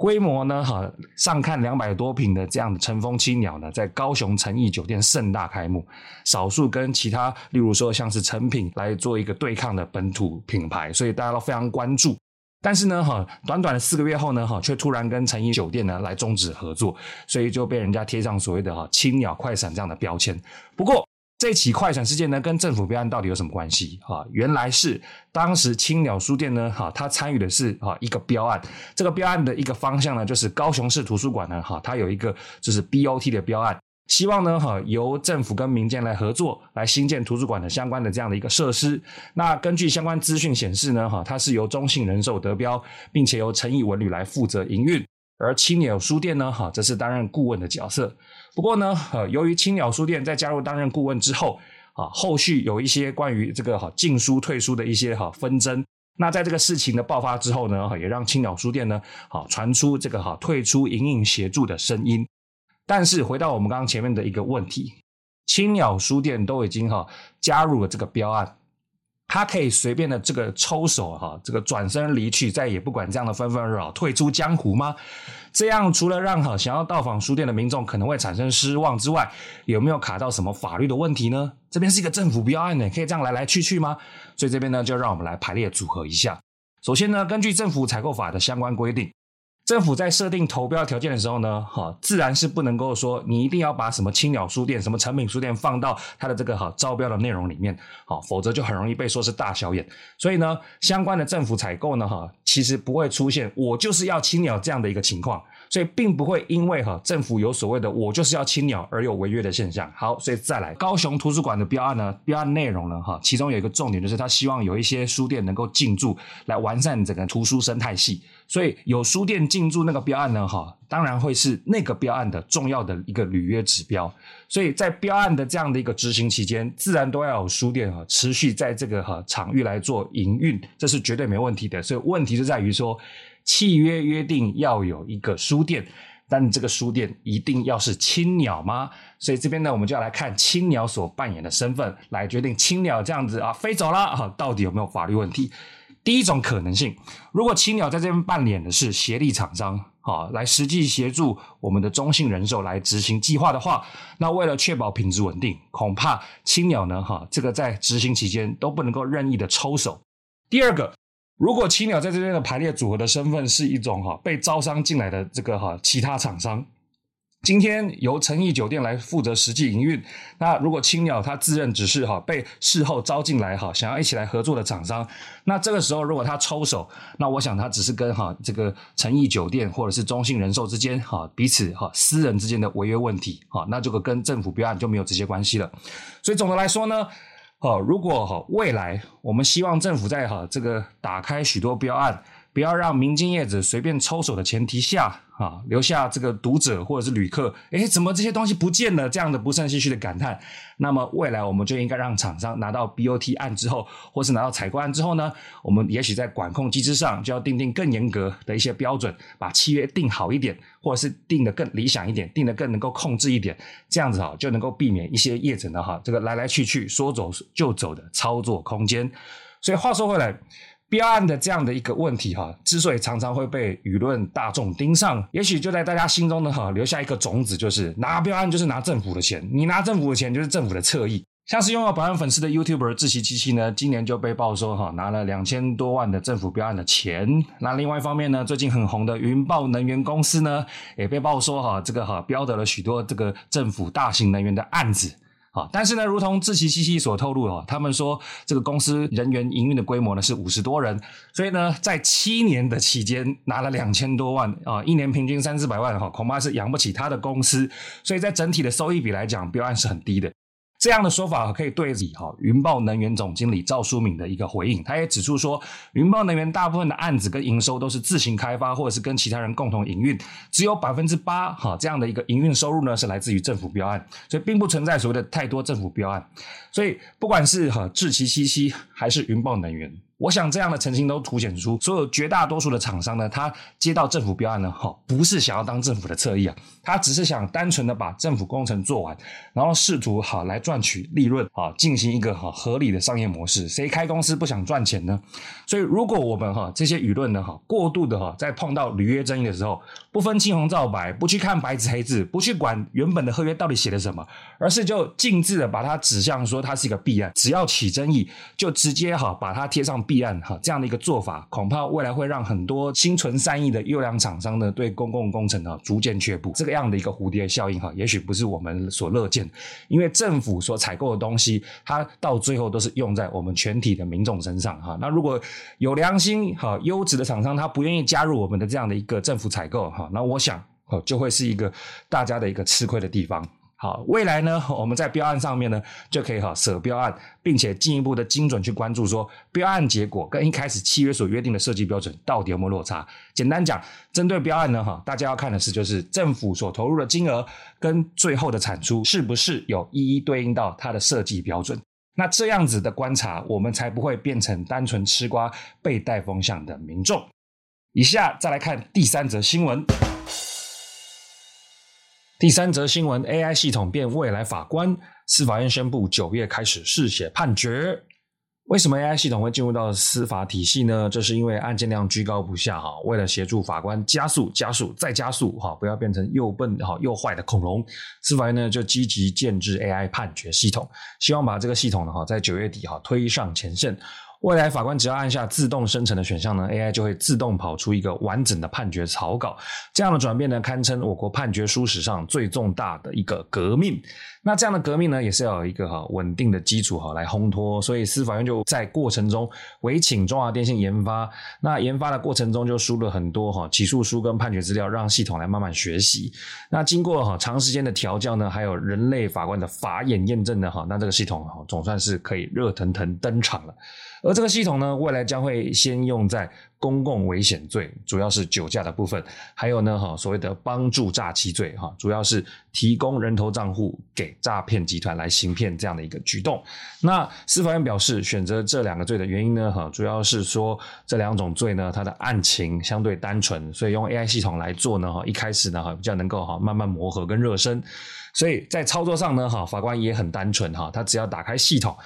規模呢，哈，上看兩百多坪的這樣的承風青鳥呢，在高雄承億酒店盛大開幕。少數跟其他，例如說像是誠品來做一個對抗的本土品牌，所以大家都非常關注。但是呢，哈，短短的四個月後呢，哈，卻突然跟承億酒店呢來終止合作，所以就被人家貼上所謂的哈青鳥快閃這樣的標籤。不過。這起快閃事件呢，跟政府標案到底有什麼關係？哈，原來是當時青鳥書店呢，哈，它參與的是啊一個標案，這個標案的一個方向呢，就是高雄市圖書館呢，哈，它有一個就是 BOT 的標案，希望呢，哈，由政府跟民間來合作來新建圖書館的相關的這樣的一個設施。那根據相關資訊顯示呢，哈，它是由中信人壽得標，並且由誠毅文旅來負責營運。而青鳥書店呢，哈，則是擔任顧問的角色。不過呢，呃，由於青鳥書店在加入擔任顧問之後，啊，後續有一些關於這個哈禁書、退書的一些哈紛爭。那在這個事情的爆發之後呢，哈，也讓青鳥書店呢，哈，傳出這個哈退出隱隱協助的聲音。但是回到我們剛剛前面的一個問題，青鳥書店都已經哈加入了這個標案。他可以隨便的這個抽手哈、啊，這個轉身離去，再也不管這樣的紛紛擾擾，退出江湖嗎？這樣除了讓哈想要到訪書店的民眾可能會產生失望之外，有沒有卡到什麼法律的問題呢？這邊是一個政府標案呢，可以這樣來來去去嗎？所以這邊呢，就讓我們來排列組合一下。首先呢，根據政府採購法的相關規定。政府在設定投標條件的時候呢，哈，自然是不能夠說，你一定要把什麼青鳥書店、什麼誠品書店放到它的這個哈招標的內容裡面，好，否則就很容易被說是大小眼。所以呢，相關的政府採購呢，哈，其實不會出現我就是要青鳥，這樣的一個情況。所以並不會因為哈政府有所謂的我就是要青鳥，而有違約的現象。好，所以再來高雄圖書館的標案呢，標案內容呢哈，其中有一個重點就是他希望有一些書店能夠進駐，來完善整個圖書生態系。所以有書店進駐那個標案呢哈，當然會是那個標案的重要的一個履約指標。所以在標案的這樣的一個執行期間，自然都要有書店哈持續在這個哈場域來做營運，這是絕對沒問題的。所以問題就在於說。契約約定要有一個書店，但這個書店一定要是青鳥嗎？所以這邊呢，我們就要來看青鳥所扮演的身份，來決定青鳥這樣子啊飛走了啊，到底有沒有法律問題？第一種可能性，如果青鳥在這邊扮演的是協力廠商，啊，來實際協助我們的中信人壽來執行計劃的話，那為了確保品質穩定，恐怕青鳥呢，哈、啊，這個在執行期間都不能夠任意的抽手。第二個。如果青鳥在這邊的排列組合的身份是一種哈被招商進來的這個哈其他廠商，今天由誠意酒店來負責實際營運，那如果青鳥他自認只是哈被事後招進來哈，想要一起來合作的廠商，那這個時候如果他抽手，那我想他只是跟哈這個誠意酒店或者是中信人壽之間哈彼此哈私人之間的違約問題哈，那這個跟政府標案就沒有直接關係了。所以總的來說呢。好，如果未來我們希望政府在哈這個打開許多標案。不要讓民間業者隨便抽手的前提下，啊，留下這個讀者或者是旅客，誒，怎麼這些東西不見了？這樣的不勝唏噓的感嘆。那麼未來我們就應該讓廠商拿到 BOT 案之後，或是拿到採購案之後呢，我們也許在管控機制上就要定定更嚴格的一些標準，把契約定好一點，或者是定得更理想一點，定得更能夠控制一點。這樣子啊，就能夠避免一些業者呢哈這個來來去去說走就走的操作空間。所以話說回來。標案的這樣的一個問題哈，之所以常常會被輿論大眾盯上，也許就在大家心中呢哈，留下一個種子，就是拿標案就是拿政府的錢，你拿政府的錢就是政府的側翼。像是擁有百萬粉絲的 YouTuber 志祺七七呢，今年就被曝說哈，拿了兩千多萬的政府標案的錢。那另外一方面呢，最近很紅的雲豹能源公司呢，也被曝說哈，這個哈標得了許多這個政府大型能源的案子。啊，但是呢，如同志祺七七所透露的哦，他們說這個公司人員營運的規模呢是五十多人，所以呢，在七年的期間拿了兩千多萬啊，一年平均三四百萬哈，恐怕是養不起他的公司，所以在整體的收益比來講，標案是很低的。這樣的說法可以對比哈雲豹能源總經理趙書敏的一個回應，他也指出說，雲豹能源大部分的案子跟營收都是自行開發或者是跟其他人共同營運，只有百分之八哈這樣的一個營運收入呢是來自於政府標案，所以並不存在所謂的太多政府標案。所以不管是哈志祺七七還是雲豹能源。我想這樣的澄清都凸顯出，所有絕大多數的廠商呢，他接到政府標案呢，哈、哦，不是想要當政府的側翼啊，他只是想單純的把政府工程做完，然後試圖哈、啊、來賺取利潤啊，進行一個哈、啊、合理的商業模式。誰開公司不想賺錢呢？所以，如果我們哈、啊、這些輿論呢，哈、啊、過度的哈在、啊、碰到履約爭議的時候，不分青紅皂白，不去看白紙黑字，不去管原本的合約到底寫的什麼，而是就徑自的把它指向說它是一個弊案，只要起爭議就直接哈、啊、把它貼上。弊案哈，這樣的一個做法，恐怕未來會讓很多心存善意的優良廠商呢，對公共工程啊逐漸卻步。這個樣的一個蝴蝶效應哈、啊，也許不是我們所樂見。因為政府所採購的東西，它到最後都是用在我們全體的民眾身上哈。那如果有良心哈，優質的廠商，他不願意加入我們的這樣的一個政府採購哈，那我想哦，就會是一個大家的一個吃虧的地方。好，未來呢，我們在標案上面呢，就可以哈捨標案，並且進一步的精準去關注說，標案結果跟一開始契約所約定的設計標準到底有沒有落差。簡單講，針對標案呢哈，大家要看的是就是政府所投入的金額跟最後的產出是不是有一一對應到它的設計標準。那這樣子的觀察，我們才不會變成單純吃瓜被帶風向的民眾。以下再來看第三則新聞。第三則新聞：AI 系統變未來法官。司法院宣布，九月開始試寫判決。為什麼 AI 系統會進入到司法體系呢？這、就是因為案件量居高不下哈，為了協助法官加速、加速再加速哈，不要變成又笨哈又壞的恐龍。司法院呢就積極建置 AI 判決系統，希望把這個系統呢哈，在九月底哈推上前線。未來法官只要按下自動生成的選項呢，AI 就會自動跑出一個完整的判決草稿。這樣的轉變呢，堪稱我國判決書史上最重大的一個革命。那這樣的革命呢，也是要有一個哈穩定的基礎哈來烘托。所以，司法院就在過程中委請中華電信研發。那研發的過程中就輸了很多哈起訴書跟判決資料，讓系統來慢慢學習。那經過哈長時間的調教呢，還有人類法官的法眼驗證呢哈，那這個系統哈總算是可以熱騰騰登場了。而這個系統呢，未來將會先用在公共危險罪，主要是酒駕的部分，還有呢哈，所謂的幫助詐欺罪哈，主要是提供人頭賬戶給詐騙集團來行騙這樣的一個舉動。那司法院表示，選擇這兩個罪的原因呢哈，主要是說這兩種罪呢，它的案情相對單純，所以用 AI 系統來做呢哈，一開始呢哈，比較能夠哈慢慢磨合跟熱身，所以在操作上呢哈，法官也很單純哈，他只要打開系統。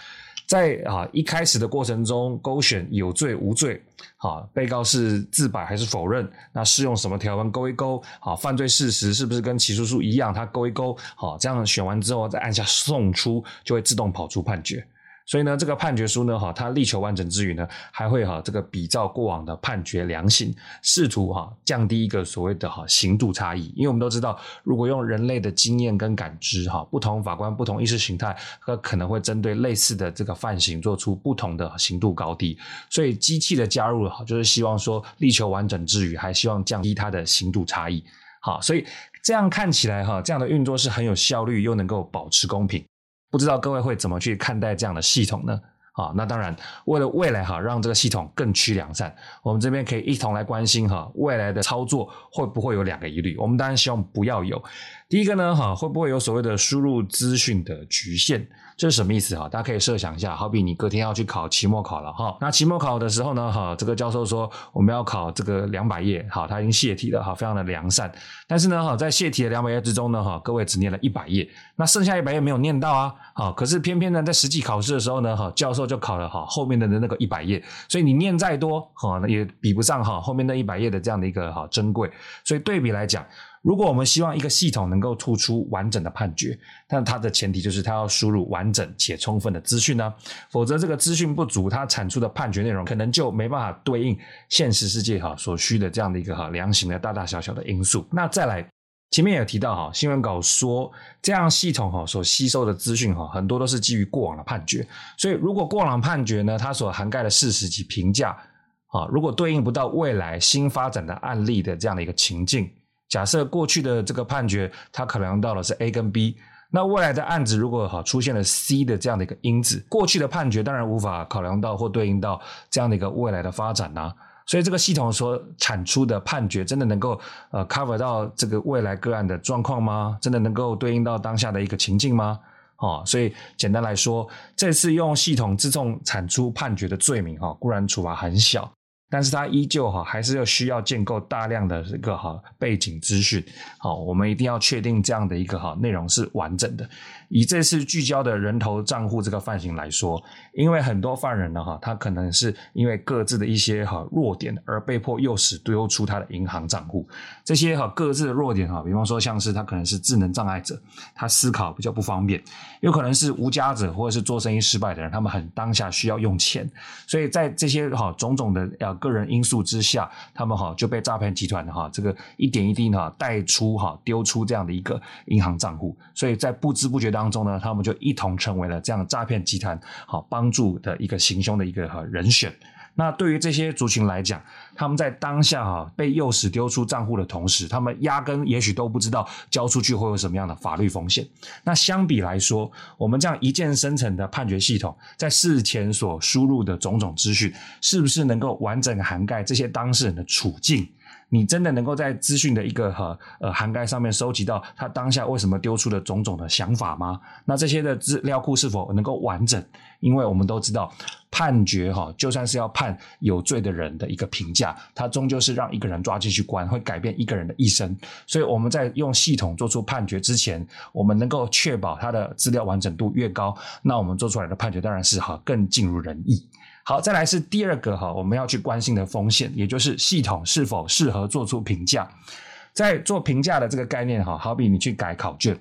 在啊，一開始的過程中，勾選有罪無罪，啊，被告是自白還是否認，那適用什麼條文勾一勾，好，犯罪事實是不是跟起訴書一樣，他勾一勾，好，這樣選完之後再按下送出，就會自動跑出判決。所以呢，這個判決書呢，哈，它力求完整之餘呢，還會哈，這個比照過往的判決良性，試圖哈降低一個所謂的哈刑度差異。因為我們都知道，如果用人類的經驗跟感知，哈，不同法官、不同意識形態，那可能會針對類似的這個犯行做出不同的刑度高低。所以機器的加入，就是希望說力求完整之餘，還希望降低它的刑度差異。哈，所以這樣看起來，哈，這樣的運作是很有效率，又能夠保持公平。不知道各位會怎麼去看待這樣的系統呢？啊，那當然，為了未來哈，讓這個系統更趨良善，我們這邊可以一同來關心哈，未來的操作會不會有兩個疑慮？我們當然希望不要有。第一個呢，哈會不會有所謂的輸入資訊的局限？這是什麼意思哈？大家可以設想一下，好比你隔天要去考期末考了哈，那期末考的時候呢，哈，這個教授說，我們要考這個兩百頁。好，他已經洩題了哈，非常的良善。但是呢，哈，在洩題的兩百頁之中呢，哈，各位只念了一百頁，那剩下一百頁沒有念到啊，好，可是偏偏呢，在實際考試的時候呢，哈，教授就考了哈後面的那個一百頁，所以你念再多哈，也比不上哈後面那一百頁的這樣的一個哈珍貴。所以對比來講。如果我們希望一個系統能夠吐出完整的判決，那它的前提就是它要輸入完整且充分的資訊呢、啊，否則這個資訊不足，它產出的判決內容可能就沒辦法對應現實世界哈所需的這樣的一個哈量刑的大大小小的因素。那再來前面有提到哈新聞稿說，這樣系統哈所吸收的資訊哈很多都是基於過往的判決，所以如果過往的判決呢，它所涵蓋的事實及評價啊，如果對應不到未來新發展的案例的這樣的一個情境。假設過去的這個判決，它考量到的是 A 跟 B，那未來的案子如果哈出現了 C 的這樣的一個因子，過去的判決當然無法考量到或對應到這樣的一個未來的發展吶、啊。所以這個系統所產出的判決，真的能夠呃 cover 到這個未來個案的狀況嗎？真的能夠對應到當下的一個情境嗎？哦，所以簡單來說，這次用系統自動產出判決的罪名哈，固然處罰很小。但是他依舊哈，還是要需要建構大量的這個哈背景資訊。好，我們一定要確定這樣的一個哈內容是完整的。以這次聚焦的人頭賬戶這個範型來說，因為很多犯人呢哈，他可能是因為各自的一些哈弱點而被迫誘使丟出他的銀行賬戶。這些哈各自的弱點哈，比方說像是他可能是智能障礙者，他思考比較不方便；有可能是無家者或者是做生意失敗的人，他們很當下需要用錢。所以在這些哈種種的要。個人因素之下，他們哈就被詐騙集團哈這個一點一滴哈帶出哈丟出這樣的一個銀行賬戶，所以在不知不覺當中呢，他們就一同成為了這樣詐騙集團哈幫助的一個行凶的一個哈人選。那對於這些族群來講，他們在當下哈、啊、被誘使丟出賬戶的同時，他們壓根也許都不知道交出去會有什麼樣的法律風險。那相比來說，我們這樣一鍵生成的判決系統，在事前所輸入的種種資訊，是不是能夠完整涵蓋這些當事人的處境？你真的能夠在資訊的一個呃呃涵蓋上面收集，到他當下為什麼丟出的種種的想法嗎？那這些的資料庫是否能夠完整？因為我們都知道，判決哈，就算是要判有罪的人的一個評價，它終究是讓一個人抓進去關，會改變一個人的一生。所以我們在用系統做出判決之前，我們能夠確保它的資料完整度越高，那我們做出來的判決當然是哈更盡如人意。好，再來是第二個哈，我們要去關心的風險，也就是系統是否適合做出評價。在做評價的這個概念哈，好比你去改考卷，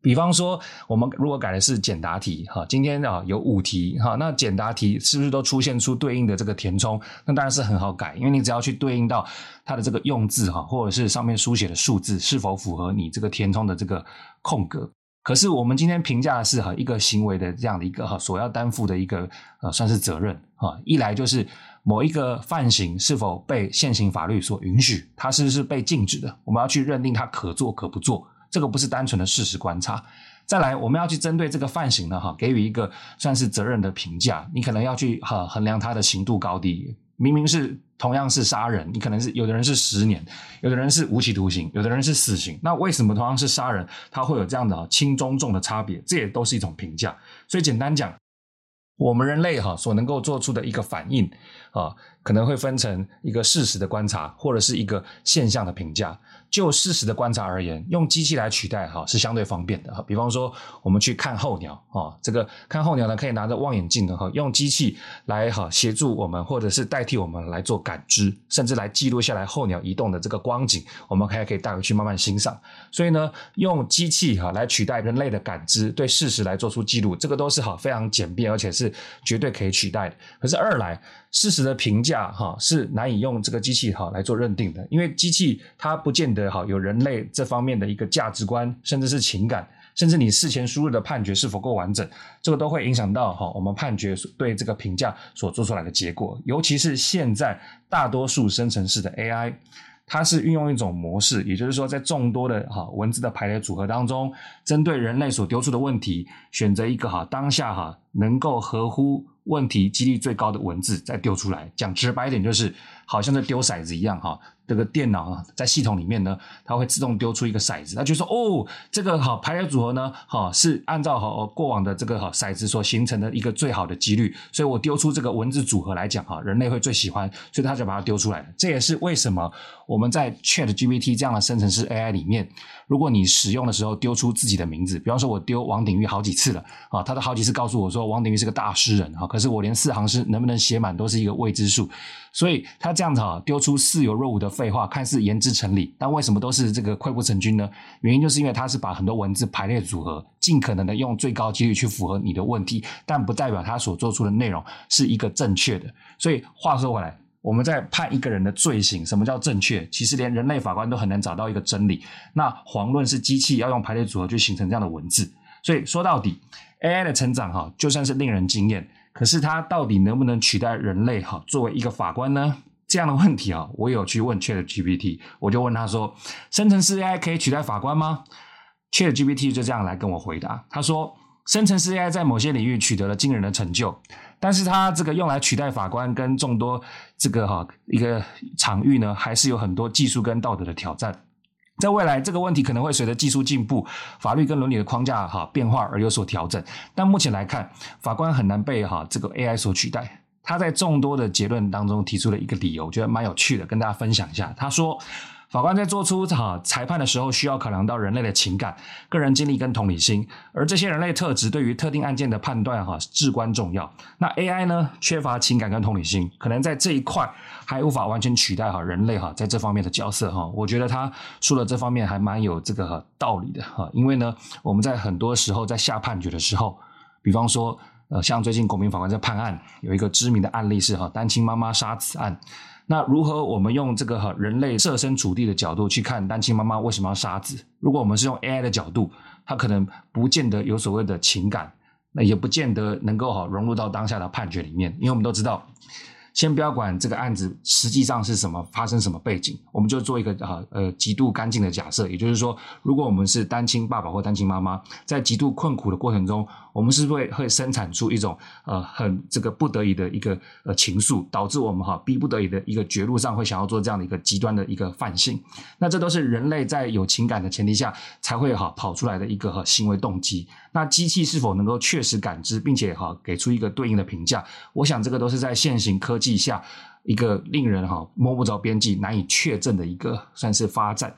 比方說我們如果改的是簡答題哈，今天啊有五題哈，那簡答題是不是都出現出對應的這個填充？那當然是很好改，因為你只要去對應到它的這個用字哈，或者是上面書寫的數字是否符合你這個填充的這個空格。可是我們今天評價的是哈一個行為的這樣的一個哈所要擔負的一個呃算是責任，哈一來就是某一個犯行是否被現行法律所允許，它是不是被禁止的，我們要去認定它可做可不做，這個不是單純的事實觀察。再來，我們要去針對這個犯行呢哈，給予一個算是責任的評價，你可能要去哈衡量它的刑度高低。明明是同樣是殺人，你可能是有的人是十年，有的人是無期徒刑，有的人是死刑。那為什麼同樣是殺人，他會有這樣的輕中重的差別？這也都是一種評價。所以簡單講，我們人類哈所能夠做出的一個反應啊，可能會分成一個事實的觀察，或者是一個現象的評價。就事實的觀察而言，用機器來取代哈是相對方便的。比方說，我們去看候鳥啊，這個看候鳥呢，可以拿着望遠鏡，哈，用機器來哈協助我們，或者是代替我們來做感知，甚至來記錄下來候鳥移動的這個光景，我們還可以帶回去慢慢欣賞。所以呢，用機器哈來取代人類的感知，對事實來做出記錄，這個都是哈，非常簡便，而且是絕對可以取代的。可是二來。事實的評價哈是難以用這個機器哈來做認定的，因為機器它不見得哈有人類這方面的一個價值觀，甚至是情感，甚至你事前輸入的判決是否夠完整，這個都會影響到哈我們判決對這個評價所做出來的結果，尤其是現在大多數生成式的 AI。它是運用一種模式，也就是說，在眾多的哈文字的排列組合當中，針對人類所丟出的問題，選擇一個哈當下哈能夠合乎問題幾率最高的文字再丟出來。講直白一點，就是好像在丟骰子一樣哈。這個電腦啊，在系統裡面呢，它會自動丟出一個骰子，它就說哦，這個好排列組合呢，好、哦，是按照好過往的這個好骰子所形成的一個最好的幾率，所以我丟出這個文字組合來講哈，人類會最喜歡，所以它就把它丟出來。這也是為什麼我們在 ChatGPT 這樣的生成式 AI 裡面。如果你使用的時候丟出自己的名字，比方說我丟王鼎玉好幾次了啊，他的好幾次告訴我說，王鼎玉是個大詩人啊，可是我連四行詩能不能寫滿都是一個未知數，所以他這樣子啊丟出似有若無的廢話，看似言之成理，但為什麼都是這個潰不成軍呢？原因就是因為他是把很多文字排列組合，盡可能的用最高幾率去符合你的問題，但不代表他所做出的內容是一個正確的。所以話說回來。我們在判一個人的罪行，什麼叫正確？其實連人類法官都很難找到一個真理，那遑論是機器要用排列組合去形成這樣的文字。所以說到底，AI 的成長哈，就算是令人驚豔，可是它到底能不能取代人類哈作為一個法官呢？這樣的問題啊，我有去問 ChatGPT，我就問他說：生成式 AI 可以取代法官嗎？ChatGPT 就這樣來跟我回答，他說。生成式 AI 在某些領域取得了驚人的成就，但是它這個用來取代法官跟眾多這個哈一個場域呢，還是有很多技術跟道德的挑戰。在未來，這個問題可能會隨着技術進步、法律跟倫理的框架哈變化而有所調整。但目前來看，法官很難被哈這個 AI 所取代。他在眾多的結論當中提出了一個理由，我覺得蠻有趣的，跟大家分享一下。他說。法官在做出哈、啊、裁判的時候，需要考量到人類的情感、個人經歷跟同理心，而這些人類特質對於特定案件的判斷哈、啊、至關重要。那 AI 呢，缺乏情感跟同理心，可能在這一塊還無法完全取代哈、啊、人類哈、啊、在這方面的角色哈、啊。我覺得他說的這方面還蠻有這個、啊、道理的哈、啊，因為呢，我們在很多時候在下判決的時候，比方說呃，像最近國民法官在判案，有一個知名的案例是哈、啊、單親媽媽殺子案。那如何，我們用這個哈人類設身處地的角度去看單親媽媽為什麼要殺子？如果我們是用 AI 的角度，它可能不見得有所謂的情感，那也不見得能夠好融入到當下的判決裡面，因為我們都知道。先不要管這個案子實際上是什麼發生什麼背景，我們就做一個呃呃極度乾淨的假設，也就是說，如果我們是單親爸爸或單親媽媽，在極度困苦的過程中，我們是會會生產出一種呃很這個不得已的一個呃情愫，導致我們哈逼不得已的一個絕路上會想要做這樣的一個極端的一個犯性。那這都是人類在有情感的前提下才會哈跑出來的一個哈行為動機。那機器是否能夠確實感知，並且哈給出一個對應的評價？我想這個都是在現行科技下一個令人哈摸不着邊際、難以確證的一個算是發展。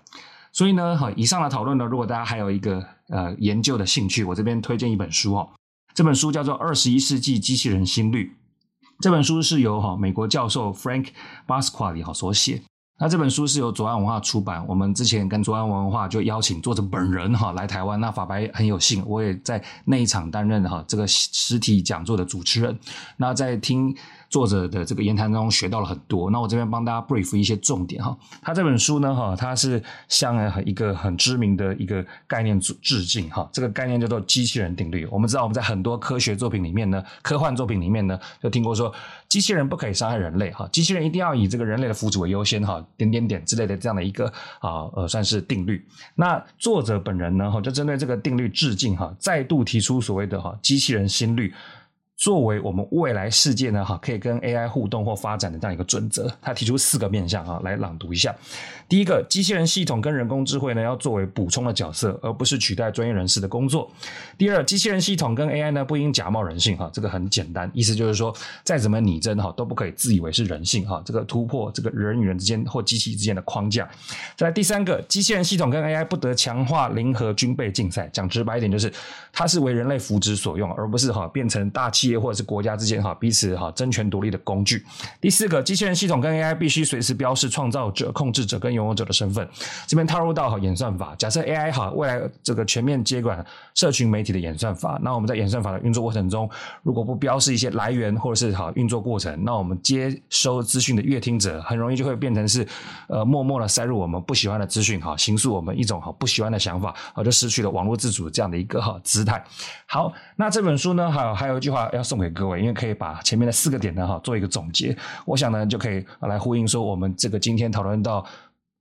所以呢，好，以上的討論呢，如果大家還有一個呃研究的興趣，我這邊推薦一本書哦。這本書叫做《二十一世紀機器人新律》。這本書是由哈美國教授 Frank Pasquale 哈所寫。那這本書是由左岸文化出版，我們之前跟左岸文化就邀請作者本人哈來台灣，那法白很有幸，我也在那一場擔任哈這個實體講座的主持人，那在聽。作者的這個言談中學到了很多，那我這邊幫大家 brief 一些重點哈。他這本書呢哈，它是向一個很知名的一個概念致敬哈。這個概念叫做機器人定律。我們知道我們在很多科學作品裡面呢，科幻作品裡面呢，就聽過說機器人不可以傷害人類哈，機器人一定要以這個人類的福祉為優先哈，點點點之類的這樣的一個啊呃算是定律。那作者本人呢，就針對這個定律致敬哈，再度提出所謂的哈機器人心律。作為我們未來世界呢，哈，可以跟 AI 互動或發展的這樣一個準則，他提出四個面向啊，來朗讀一下。第一個，機器人系統跟人工智慧呢，要作為補充的角色，而不是取代專業人士的工作。第二，機器人系統跟 AI 呢，不應假冒人性哈、啊，這個很簡單，意思就是說，再怎麼擬真哈、啊，都不可以自以為是人性哈、啊。這個突破這個人與人之間或機器之間的框架。再來第三個，機器人系統跟 AI 不得強化零和軍備競賽。講直白一點就是，它是為人類福祉所用，而不是哈、啊、變成大企業或者是國家之間哈、啊、彼此哈、啊、爭權奪利的工具。第四個，機器人系統跟 AI 必須隨時標示創造者、控制者跟有使用者的身份，這邊套入到演算法。假設 AI 哈，未來這個全面接管社群媒體的演算法，那我們在演算法的運作過程中，如果不標示一些來源或者是好運作過程，那我們接收資訊的閱聽者很容易就會變成是呃默默的塞入我們不喜歡的資訊，哈，形塑我們一種哈不喜歡的想法，而就失去了網絡自主這樣的一個姿態。好，那這本書呢，哈，還有一句話要送給各位，因為可以把前面的四個點呢，哈，做一個總結，我想呢就可以來呼應說，我們這個今天討論到。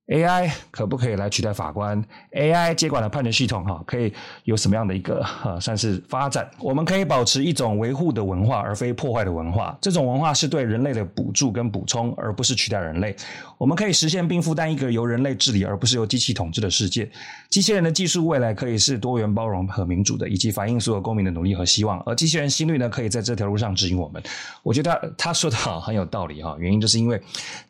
AI 可不可以來取代法官？AI 接管了判決系統哈，可以有什麼樣的一個哈，算是發展？我們可以保持一種維護的文化，而非破壞的文化。這種文化是對人類的補助跟補充，而不是取代人類。我們可以實現並負擔一個由人類治理，而不是由機器統治的世界。機器人的技術未來可以是多元、包容和民主的，以及反映所有公民的努力和希望。而機器人心率呢，可以在這條路上指引我們。我覺得他，他說的好，很有道理哈。原因就是因為。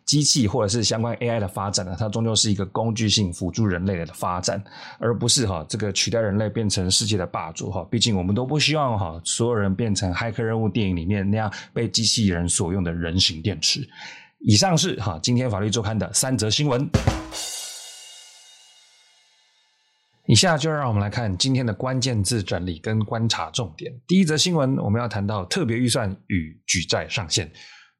機器或者是相關 AI 的發展呢，它終究是一個工具性輔助人類的發展，而不是哈這個取代人類變成世界的霸主哈。畢竟我們都不希望哈所有人變成駭客任務電影裡面那樣被機器人所用的人形電池。以上是哈今天法歷週刊的三則新聞，以下就讓我們來看今天的關鍵字整理跟觀察重點。第一則新聞，我們要談到特別預算與舉債上限。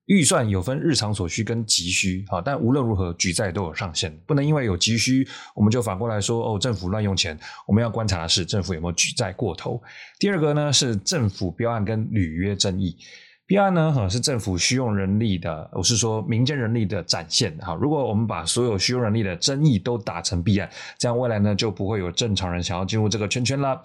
預算有分日常所需跟急需，好但無論如何舉債都有上限，不能因為有急需，我們就反過來說哦，政府亂用錢。我們要觀察的是政府有沒有舉債過頭。第二個呢是政府標案跟履約爭議，標案呢，哈，是政府需用人力的，我是說民間人力的展現，哈，如果我們把所有需用人力的爭議都打成弊案，這樣未來呢就不會有正常人想要進入這個圈圈了。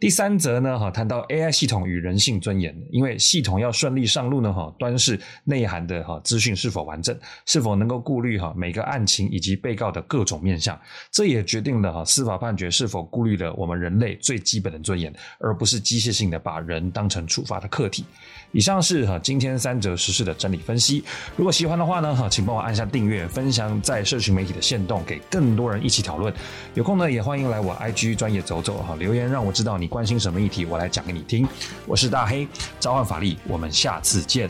第三則呢，哈談到 AI 系統與人性尊嚴，因為系統要順利上路呢，哈端視內涵的哈資訊是否完整，是否能夠顧慮哈每個案情以及被告的各種面向，這也決定了哈司法判決是否顧慮了我們人類最基本的尊嚴，而不是機械性的把人當成處罰的客體。以上是今天三則實事的整理分析。如果喜歡的話呢，請幫我按下訂閱、分享，在社群媒體的線動，給更多人一起討論。有空呢，也歡迎來我 IG 專業走走哈，留言讓我知道你關心什麼議題，我來講給你聽。我是大黑，召喚法力，我們下次見。